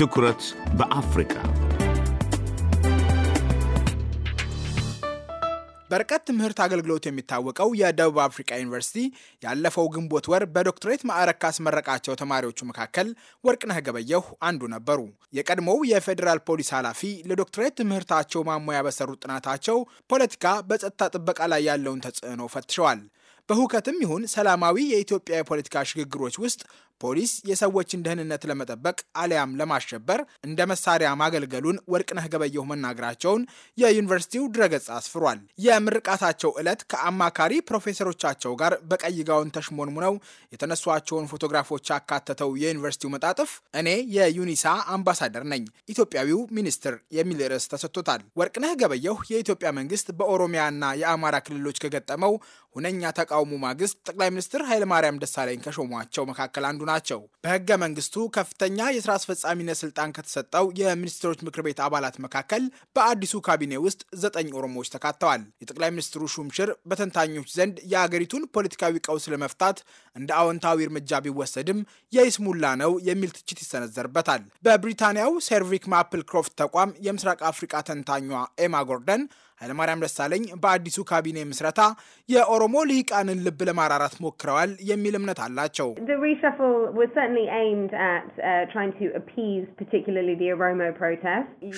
ትኩረት በአፍሪካ በርቀት ትምህርት አገልግሎት የሚታወቀው የደቡብ አፍሪካ ዩኒቨርሲቲ ያለፈው ግንቦት ወር በዶክትሬት ማዕረግ ካስመረቃቸው ተማሪዎቹ መካከል ወርቅነህ ገበየሁ አንዱ ነበሩ። የቀድሞው የፌዴራል ፖሊስ ኃላፊ ለዶክትሬት ትምህርታቸው ማሞያ በሰሩት ጥናታቸው ፖለቲካ በጸጥታ ጥበቃ ላይ ያለውን ተጽዕኖ ፈትሸዋል። በሁከትም ይሁን ሰላማዊ የኢትዮጵያ የፖለቲካ ሽግግሮች ውስጥ ፖሊስ የሰዎችን ደህንነት ለመጠበቅ አሊያም ለማሸበር እንደ መሳሪያ ማገልገሉን ወርቅነህ ገበየሁ መናገራቸውን የዩኒቨርሲቲው ድረገጽ አስፍሯል። የምርቃታቸው ዕለት ከአማካሪ ፕሮፌሰሮቻቸው ጋር በቀይ ጋውን ተሽሞንሙነው የተነሷቸውን ፎቶግራፎች ያካተተው የዩኒቨርሲቲው መጣጥፍ እኔ የዩኒሳ አምባሳደር ነኝ፣ ኢትዮጵያዊው ሚኒስትር የሚል ርዕስ ተሰጥቶታል። ወርቅነህ ገበየሁ የኢትዮጵያ መንግስት በኦሮሚያና የአማራ ክልሎች ከገጠመው ሁነኛ ተቃውሞ ማግስት ጠቅላይ ሚኒስትር ኃይለማርያም ደሳለኝ ከሾሟቸው መካከል አንዱ ናቸው። በህገ መንግስቱ ከፍተኛ የስራ አስፈጻሚነት ስልጣን ከተሰጠው የሚኒስትሮች ምክር ቤት አባላት መካከል በአዲሱ ካቢኔ ውስጥ ዘጠኝ ኦሮሞዎች ተካተዋል። የጠቅላይ ሚኒስትሩ ሹምሽር በተንታኞች ዘንድ የአገሪቱን ፖለቲካዊ ቀውስ ለመፍታት እንደ አዎንታዊ እርምጃ ቢወሰድም የይስሙላ ነው የሚል ትችት ይሰነዘርበታል። በብሪታንያው ሴርቪክ ማፕል ክሮፍት ተቋም የምስራቅ አፍሪቃ ተንታኟ ኤማ ጎርደን ኃይለማርያም ደሳለኝ በአዲሱ ካቢኔ ምስረታ የኦሮሞ ልሂቃንን ልብ ለማራራት ሞክረዋል የሚል እምነት አላቸው። uh,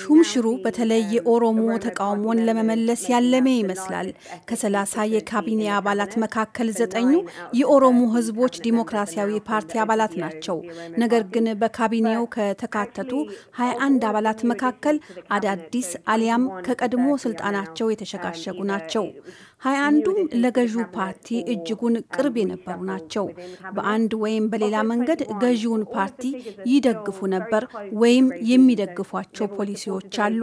ሹምሽሩ በተለይ የኦሮሞ ተቃውሞን ለመመለስ ያለመ ይመስላል። ከሰላሳ የካቢኔ አባላት መካከል ዘጠኙ የኦሮሞ ህዝቦች ዲሞክራሲያዊ ፓርቲ አባላት ናቸው። ነገር ግን በካቢኔው ከተካተቱ 21 አባላት መካከል አዳዲስ አሊያም ከቀድሞ ስልጣናቸው በውስጣቸው የተሸጋሸጉ ናቸው። ሀያ አንዱም ለገዢው ፓርቲ እጅጉን ቅርብ የነበሩ ናቸው። በአንድ ወይም በሌላ መንገድ ገዢውን ፓርቲ ይደግፉ ነበር ወይም የሚደግፏቸው ፖሊሲዎች አሉ።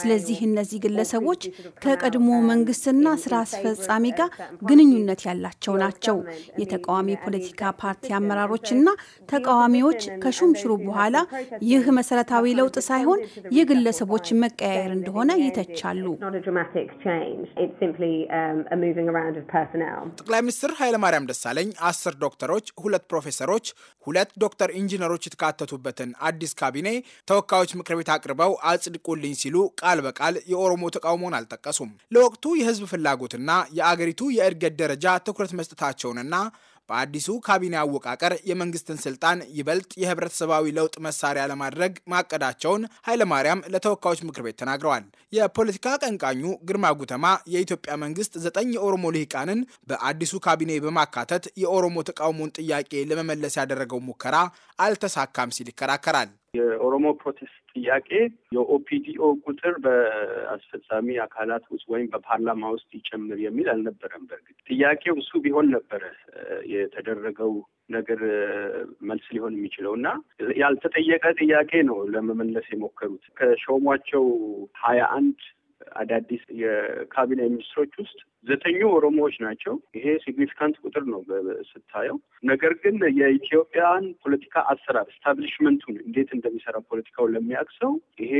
ስለዚህ እነዚህ ግለሰቦች ከቀድሞ መንግስትና ስራ አስፈጻሚ ጋር ግንኙነት ያላቸው ናቸው። የተቃዋሚ ፖለቲካ ፓርቲ አመራሮችና ተቃዋሚዎች ከሹምሽሩ በኋላ ይህ መሰረታዊ ለውጥ ሳይሆን የግለሰቦች መቀያየር እንደሆነ ይተቻሉ። Um, ጠቅላይ ሚኒስትር ኃይለማርያም ደሳለኝ አስር ዶክተሮች፣ ሁለት ፕሮፌሰሮች፣ ሁለት ዶክተር ኢንጂነሮች የተካተቱበትን አዲስ ካቢኔ ተወካዮች ምክር ቤት አቅርበው አጽድቁልኝ ሲሉ ቃል በቃል የኦሮሞ ተቃውሞን አልጠቀሱም። ለወቅቱ የህዝብ ፍላጎትና የአገሪቱ የእድገት ደረጃ ትኩረት መስጠታቸውንና በአዲሱ ካቢኔ አወቃቀር የመንግስትን ስልጣን ይበልጥ የህብረተሰባዊ ለውጥ መሳሪያ ለማድረግ ማቀዳቸውን ኃይለማርያም ለተወካዮች ምክር ቤት ተናግረዋል። የፖለቲካ አቀንቃኙ ግርማ ጉተማ የኢትዮጵያ መንግስት ዘጠኝ የኦሮሞ ልሂቃንን በአዲሱ ካቢኔ በማካተት የኦሮሞ ተቃውሞን ጥያቄ ለመመለስ ያደረገው ሙከራ አልተሳካም ሲል ይከራከራል። የኦሮሞ ፕሮቴስት ጥያቄ የኦፒዲኦ ቁጥር በአስፈጻሚ አካላት ውስጥ ወይም በፓርላማ ውስጥ ይጨምር የሚል አልነበረም። በእርግጥ ጥያቄው እሱ ቢሆን ነበረ የተደረገው ነገር መልስ ሊሆን የሚችለው እና ያልተጠየቀ ጥያቄ ነው ለመመለስ የሞከሩት ከሾሟቸው ሀያ አንድ አዳዲስ የካቢኔ ሚኒስትሮች ውስጥ ዘጠኙ ኦሮሞዎች ናቸው። ይሄ ሲግኒፊካንት ቁጥር ነው ስታየው። ነገር ግን የኢትዮጵያን ፖለቲካ አሰራር ስታብሊሽመንቱን እንዴት እንደሚሰራ ፖለቲካውን ለሚያውቅ ሰው ይሄ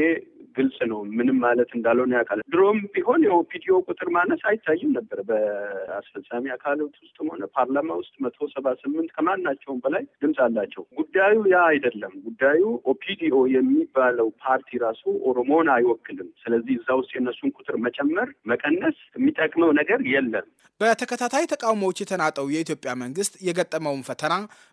ግልጽ ነው። ምንም ማለት እንዳልሆነ ያውቃል። ድሮም ቢሆን የኦፒዲዮ ቁጥር ማነስ አይታይም ነበር። በአስፈጻሚ አካላት ውስጥም ሆነ ፓርላማ ውስጥ መቶ ሰባ ስምንት ከማናቸውም በላይ ድምፅ አላቸው። ጉዳዩ ያ አይደለም። ጉዳዩ ኦፒዲኦ የሚባለው ፓርቲ ራሱ ኦሮሞን አይወክልም። ስለዚህ እዛ ውስጥ የእነሱን ቁጥር መጨመር፣ መቀነስ የሚጠቅመው ነገር የለም። በተከታታይ ተቃውሞዎች የተናጠው የኢትዮጵያ መንግስት የገጠመውን ፈተና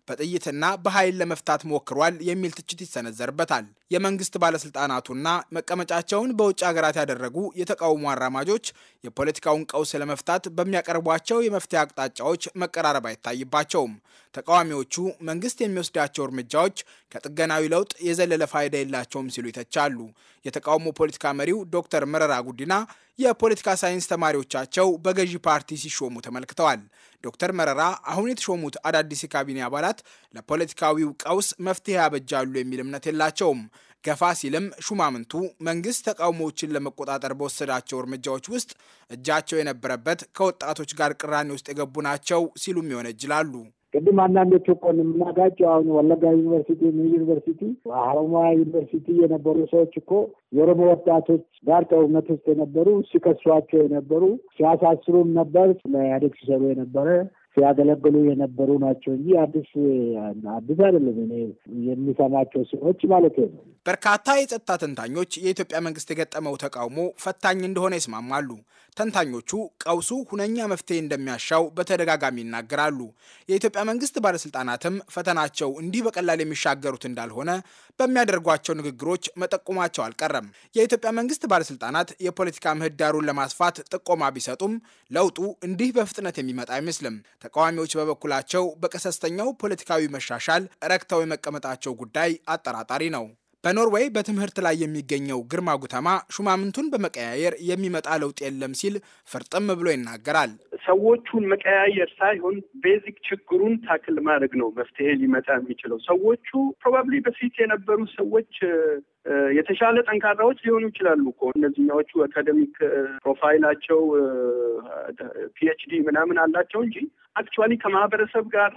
በጥይትና በኃይል ለመፍታት ሞክሯል የሚል ትችት ይሰነዘርበታል። የመንግስት ባለስልጣናቱና መቀመጫቸውን በውጭ ሀገራት ያደረጉ የተቃውሞ አራማጆች የፖለቲካውን ቀውስ ለመፍታት በሚያቀርቧቸው የመፍትሄ አቅጣጫዎች መቀራረብ አይታይባቸውም። ተቃዋሚዎቹ መንግስት የሚወስዳቸው እርምጃዎች ከጥገናዊ ለውጥ የዘለለ ፋይዳ የላቸውም ሲሉ ይተቻሉ። የተቃውሞ ፖለቲካ መሪው ዶክተር መረራ ጉዲና የፖለቲካ ሳይንስ ተማሪዎቻቸው በገዢ ፓርቲ ሲሾሙ ተመልክተዋል። ዶክተር መረራ አሁን የተሾሙት አዳዲስ የካቢኔ አባላት ለፖለቲካዊው ቀውስ መፍትሄ ያበጃሉ የሚል እምነት የላቸውም። ገፋ ሲልም ሹማምንቱ መንግስት ተቃውሞዎችን ለመቆጣጠር በወሰዳቸው እርምጃዎች ውስጥ እጃቸው የነበረበት ከወጣቶች ጋር ቅራኔ ውስጥ የገቡ ናቸው ሲሉም ይወነጅላሉ። ቅድም አንዳንዶች እኮ የምናጋጭ አሁን ወለጋ ዩኒቨርሲቲ፣ ምን ዩኒቨርሲቲ፣ ሀረማያ ዩኒቨርሲቲ የነበሩ ሰዎች እኮ የኦሮሞ ወጣቶች ጋር ጦርነት ውስጥ የነበሩ ሲከሷቸው የነበሩ ሲያሳስሩም ነበር ለኢህአዴግ ሲሰሩ የነበረ ሲያገለግሉ የነበሩ ናቸው እንጂ አዲስ አዲስ አይደለም። እኔ የሚሰማቸው ሰዎች ማለት ነው። በርካታ የጸጥታ ተንታኞች የኢትዮጵያ መንግስት የገጠመው ተቃውሞ ፈታኝ እንደሆነ ይስማማሉ። ተንታኞቹ ቀውሱ ሁነኛ መፍትሄ እንደሚያሻው በተደጋጋሚ ይናገራሉ። የኢትዮጵያ መንግስት ባለስልጣናትም ፈተናቸው እንዲህ በቀላል የሚሻገሩት እንዳልሆነ በሚያደርጓቸው ንግግሮች መጠቆማቸው አልቀረም። የኢትዮጵያ መንግስት ባለስልጣናት የፖለቲካ ምህዳሩን ለማስፋት ጥቆማ ቢሰጡም ለውጡ እንዲህ በፍጥነት የሚመጣ አይመስልም። ተቃዋሚዎች በበኩላቸው በቀሰስተኛው ፖለቲካዊ መሻሻል ረክተው የመቀመጣቸው ጉዳይ አጠራጣሪ ነው። በኖርዌይ በትምህርት ላይ የሚገኘው ግርማ ጉተማ ሹማምንቱን በመቀያየር የሚመጣ ለውጥ የለም ሲል ፍርጥም ብሎ ይናገራል። ሰዎቹን መቀያየር ሳይሆን ቤዚክ ችግሩን ታክል ማድረግ ነው መፍትሄ ሊመጣ የሚችለው። ሰዎቹ ፕሮባብሊ በፊት የነበሩ ሰዎች የተሻለ ጠንካራዎች ሊሆኑ ይችላሉ እኮ እነዚህኛዎቹ አካደሚክ ፕሮፋይላቸው ፒኤችዲ ምናምን አላቸው እንጂ አክቹዋሊ ከማህበረሰብ ጋር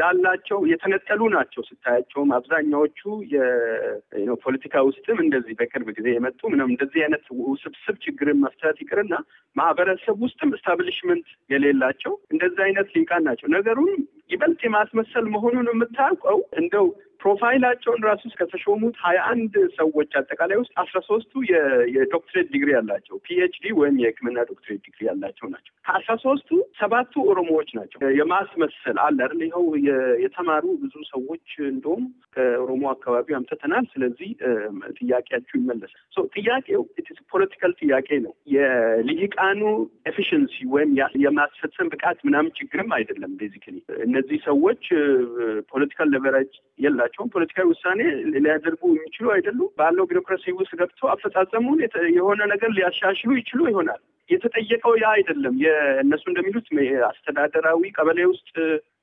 ያላቸው የተነጠሉ ናቸው። ስታያቸውም አብዛኛዎቹ የፖለቲካ ውስጥም እንደዚህ በቅርብ ጊዜ የመጡ ምንም እንደዚህ አይነት ውስብስብ ችግርን መፍታት ይቅርና ማህበረሰብ ውስጥም እስታብሊሽመንት የሌላቸው እንደዚህ አይነት ሊቃን ናቸው። ነገሩን ይበልጥ የማስመሰል መሆኑን የምታውቀው እንደው ፕሮፋይላቸውን ራሱ ከተሾሙት ሀያ አንድ ሰዎች አጠቃላይ ውስጥ አስራ ሶስቱ የዶክትሬት ዲግሪ ያላቸው ፒኤችዲ ወይም የሕክምና ዶክትሬት ዲግሪ ያላቸው ናቸው። ከአስራ ሶስቱ ሰባቱ ኦሮሞዎች ናቸው። የማስመሰል አለ አይደል? ይኸው የተማሩ ብዙ ሰዎች እንደውም ከኦሮሞ አካባቢ አምጥተናል። ስለዚህ ጥያቄያችሁ ይመለሳል። ጥያቄው ፖለቲካል ጥያቄ ነው። የልሂቃኑ ኤፊሽንሲ ወይም የማስፈጸም ብቃት ምናምን ችግርም አይደለም። ቤዚክሊ እነዚህ ሰዎች ፖለቲካል ለበራጅ የላ የራሳቸውን ፖለቲካዊ ውሳኔ ሊያደርጉ የሚችሉ አይደሉም። ባለው ቢሮክራሲ ውስጥ ገብቶ አፈጻጸሙን የሆነ ነገር ሊያሻሽሉ ይችሉ ይሆናል። የተጠየቀው ያ አይደለም። እነሱ እንደሚሉት አስተዳደራዊ ቀበሌ ውስጥ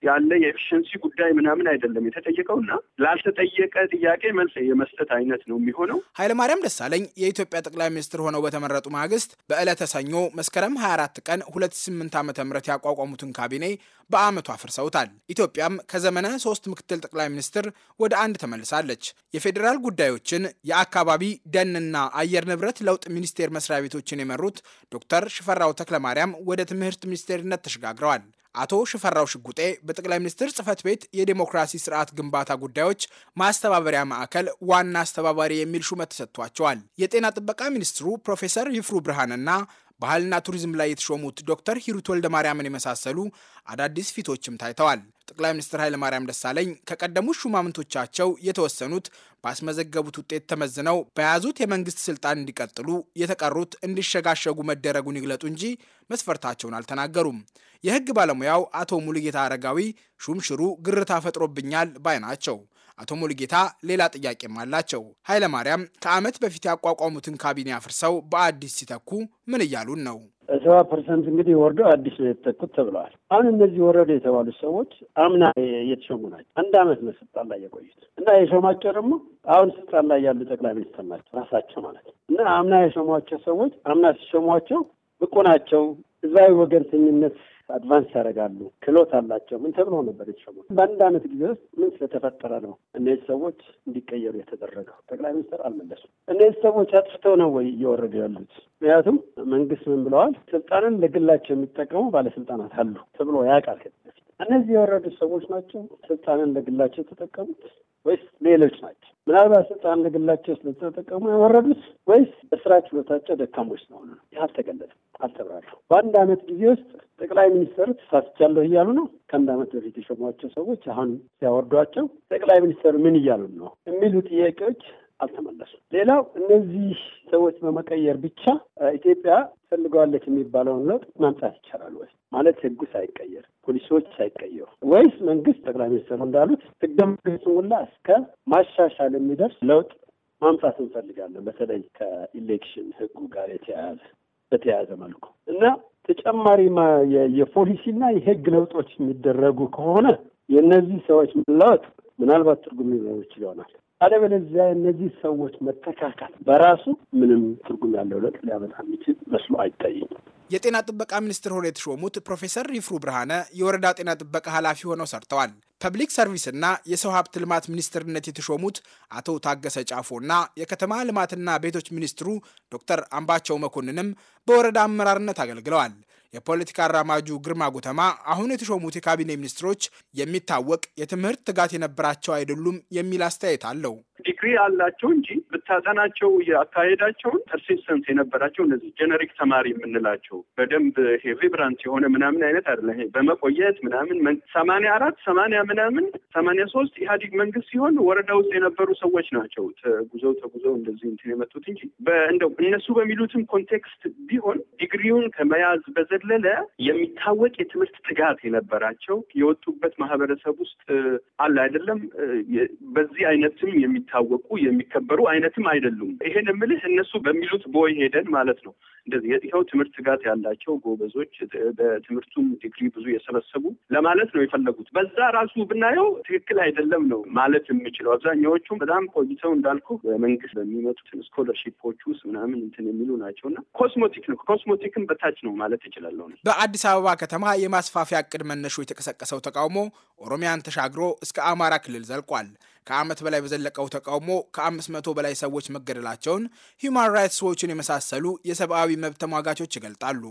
ያለ የኤፊሽንሲ ጉዳይ ምናምን አይደለም የተጠየቀው እና ላልተጠየቀ ጥያቄ መልስ የመስጠት አይነት ነው የሚሆነው። ኃይለማርያም ደሳለኝ የኢትዮጵያ ጠቅላይ ሚኒስትር ሆነው በተመረጡ ማግስት በዕለተ ሰኞ መስከረም 24 ቀን 28 ዓ ም ያቋቋሙትን ካቢኔ በአመቱ አፍርሰውታል። ኢትዮጵያም ከዘመነ ሶስት ምክትል ጠቅላይ ሚኒስትር ወደ አንድ ተመልሳለች። የፌዴራል ጉዳዮችን፣ የአካባቢ ደንና አየር ንብረት ለውጥ ሚኒስቴር መስሪያ ቤቶችን የመሩት ዶክተር ዶክተር ሽፈራው ተክለማርያም ወደ ትምህርት ሚኒስቴርነት ተሸጋግረዋል። አቶ ሽፈራው ሽጉጤ በጠቅላይ ሚኒስትር ጽህፈት ቤት የዴሞክራሲ ስርዓት ግንባታ ጉዳዮች ማስተባበሪያ ማዕከል ዋና አስተባባሪ የሚል ሹመት ተሰጥቷቸዋል። የጤና ጥበቃ ሚኒስትሩ ፕሮፌሰር ይፍሩ ብርሃንና ባህልና ቱሪዝም ላይ የተሾሙት ዶክተር ሂሩት ወልደ ማርያምን የመሳሰሉ አዳዲስ ፊቶችም ታይተዋል። ጠቅላይ ሚኒስትር ማርያም ደሳለኝ ከቀደሙት ሹማምንቶቻቸው የተወሰኑት ባስመዘገቡት ውጤት ተመዝነው በያዙት የመንግስት ስልጣን እንዲቀጥሉ፣ የተቀሩት እንዲሸጋሸጉ መደረጉን ይግለጡ እንጂ መስፈርታቸውን አልተናገሩም። የህግ ባለሙያው አቶ ሙሉጌታ አረጋዊ ሹምሽሩ ግርታ ፈጥሮብኛል ባይ ናቸው። አቶ ሙሉጌታ ሌላ ጥያቄም አላቸው። ኃይለማርያም ከዓመት በፊት ያቋቋሙትን ካቢኔ አፍርሰው በአዲስ ሲተኩ ምን እያሉን ነው? ሰባ ፐርሰንት እንግዲህ ወርደው አዲስ የተተኩት ተብለዋል። አሁን እነዚህ ወረዱ የተባሉት ሰዎች አምና የተሾሙ ናቸው። አንድ አመት ነው ስልጣን ላይ የቆዩት እና የሾማቸው ደግሞ አሁን ስልጣን ላይ ያሉ ጠቅላይ ሚኒስትር ናቸው ራሳቸው ማለት ነው እና አምና የሾሟቸው ሰዎች አምና ሲሾሟቸው ብቁ ናቸው። እዛዊ ወገንተኝነት አድቫንስ ያደርጋሉ። ክሎት አላቸው። ምን ተብሎ ነበር የተሾሙት? በአንድ አመት ጊዜ ውስጥ ምን ስለተፈጠረ ነው እነዚህ ሰዎች እንዲቀየሩ የተደረገው? ጠቅላይ ሚኒስትር አልመለሱም። እነዚህ ሰዎች አጥፍተው ነው ወይ እየወረዱ ያሉት? ምክንያቱም መንግስት ምን ብለዋል? ስልጣንን ለግላቸው የሚጠቀሙ ባለስልጣናት አሉ ተብሎ ያውቃል ከዚህ በፊት እነዚህ የወረዱ ሰዎች ናቸው ስልጣንን ለግላቸው የተጠቀሙት ወይስ ሌሎች ናቸው? ምናልባት ስልጣን ለግላቸው ስለተጠቀሙ የወረዱት ወይስ በስራ ችሎታቸው ደካሞች ነው? ይህ አልተገለጸም፣ አልተብራራም። በአንድ አመት ጊዜ ውስጥ ጠቅላይ ሚኒስትሩ ተሳስቻለሁ እያሉ ነው። ከአንድ አመት በፊት የሾሟቸው ሰዎች አሁን ሲያወርዷቸው ጠቅላይ ሚኒስትሩ ምን እያሉ ነው የሚሉ ጥያቄዎች አልተመለሱም። ሌላው እነዚህ ሰዎች በመቀየር ብቻ ኢትዮጵያ ፈልገዋለች የሚባለውን ለውጥ ማምጣት ይቻላል ወይ? ማለት ህጉ ሳይቀየር ፖሊሲዎች ሳይቀየሩ ወይስ መንግስት ጠቅላይ ሚኒስትሩ እንዳሉት ህገ መንግስቱን ሁላ እስከ ማሻሻል የሚደርስ ለውጥ ማምጣት እንፈልጋለን። በተለይ ከኢሌክሽን ህጉ ጋር የተያያዘ በተያያዘ መልኩ እና ተጨማሪ የፖሊሲና የህግ ለውጦች የሚደረጉ ከሆነ የእነዚህ ሰዎች መለወጥ ምናልባት ትርጉም ሊኖሩ ይችል ይሆናል። አለበለዚያ እነዚህ ሰዎች መተካካል በራሱ ምንም ትርጉም ያለው ለውጥ ሊያመጣ የሚችል መስሎ አይታየኝም። የጤና ጥበቃ ሚኒስትር ሆነው የተሾሙት ፕሮፌሰር ሪፍሩ ብርሃነ የወረዳ ጤና ጥበቃ ኃላፊ ሆነው ሰርተዋል። ፐብሊክ ሰርቪስና የሰው ሀብት ልማት ሚኒስትርነት የተሾሙት አቶ ታገሰ ጫፎና የከተማ ልማትና ቤቶች ሚኒስትሩ ዶክተር አምባቸው መኮንንም በወረዳ አመራርነት አገልግለዋል። የፖለቲካ አራማጁ ግርማ ጉተማ አሁን የተሾሙት የካቢኔ ሚኒስትሮች የሚታወቅ የትምህርት ትጋት የነበራቸው አይደሉም የሚል አስተያየት አለው። ዲግሪ አላቸው እንጂ ብታጠናቸው አካሄዳቸውን ፐርሲስተንስ የነበራቸው እነዚህ ጀነሪክ ተማሪ የምንላቸው በደንብ ይሄ ቪብራንት የሆነ ምናምን አይነት አይደለም። በመቆየት ምናምን ሰማንያ አራት ሰማንያ ምናምን ሰማንያ ሶስት ኢህአዲግ መንግስት ሲሆን ወረዳ ውስጥ የነበሩ ሰዎች ናቸው ተጉዘው ተጉዘው እንደዚህ እንትን የመጡት እንጂ እንደው እነሱ በሚሉትም ኮንቴክስት ቢሆን ዲግሪውን ከመያዝ በዘለለ የሚታወቅ የትምህርት ትጋት የነበራቸው የወጡበት ማህበረሰብ ውስጥ አለ አይደለም በዚህ አይነትም የሚ የሚታወቁ የሚከበሩ አይነትም አይደሉም። ይሄን የምልህ እነሱ በሚሉት ቦይ ሄደን ማለት ነው። እንደዚህ የጥኸው ትምህርት ትጋት ያላቸው ጎበዞች፣ በትምህርቱም ዲግሪ ብዙ የሰበሰቡ ለማለት ነው የፈለጉት። በዛ ራሱ ብናየው ትክክል አይደለም ነው ማለት የምችለው። አብዛኛዎቹም በጣም ቆይተው እንዳልኩ በመንግስት በሚመጡትን ስኮለርሺፖች ውስጥ ምናምን እንትን የሚሉ ናቸው እና ኮስሞቲክ ነው። ኮስሞቲክን በታች ነው ማለት እችላለሁ። በአዲስ አበባ ከተማ የማስፋፊያ እቅድ መነሾ የተቀሰቀሰው ተቃውሞ ኦሮሚያን ተሻግሮ እስከ አማራ ክልል ዘልቋል። ከዓመት በላይ በዘለቀው ተቃውሞ ከ500 በላይ ሰዎች መገደላቸውን ሂውማን ራይትስ ዎችን የመሳሰሉ የሰብአዊ መብት ተሟጋቾች ይገልጣሉ።